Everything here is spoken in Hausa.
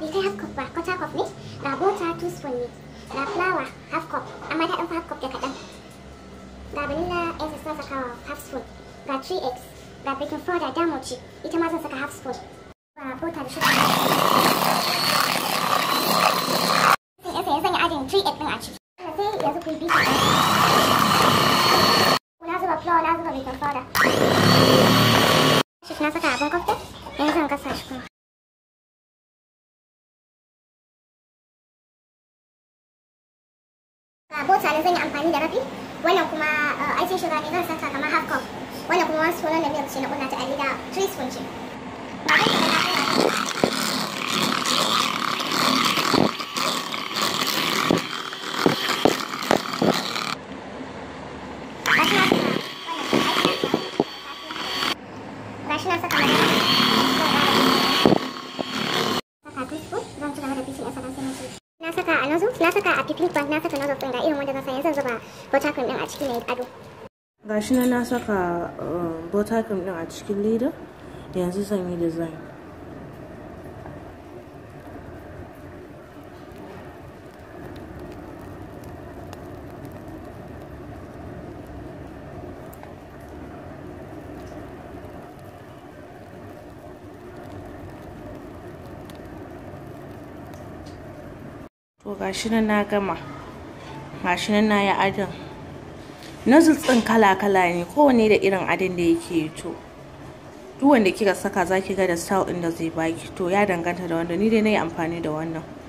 bai kai half cup ba quarter cup ne ga bota teaspoon ne flour half cup amma ta ɗauka half cup da vanilla essence na sakawa half spoon ga 3 eggs ga baking powder damo ce ita ma zan saka half spoon ga bota da sugar sai ya sanya ajin 3 egg ɗin a ciki sai yanzu ku yi bita na zuba flour na zuba baking powder shi saka abin cocktail bota na zan yi amfani da rabi wannan kuma aikin eh, sugar ne zan saka kamar half cup wannan da milk ce na a lida na yanzu na saka a picnic bank na saka na of ga irin wanda na sa yanzu zuba butter cream ɗin a cikin na ado gashi na na saka butter cream din a cikin leda yanzu zan yi design to gashi na gama gashi na yi nozzles ɗin kala-kala ne kowane da irin adin da yake yi to duk wanda kika saka zaki ga da style ɗin da zai baki to ya danganta da wanda ni dai na yi amfani da wannan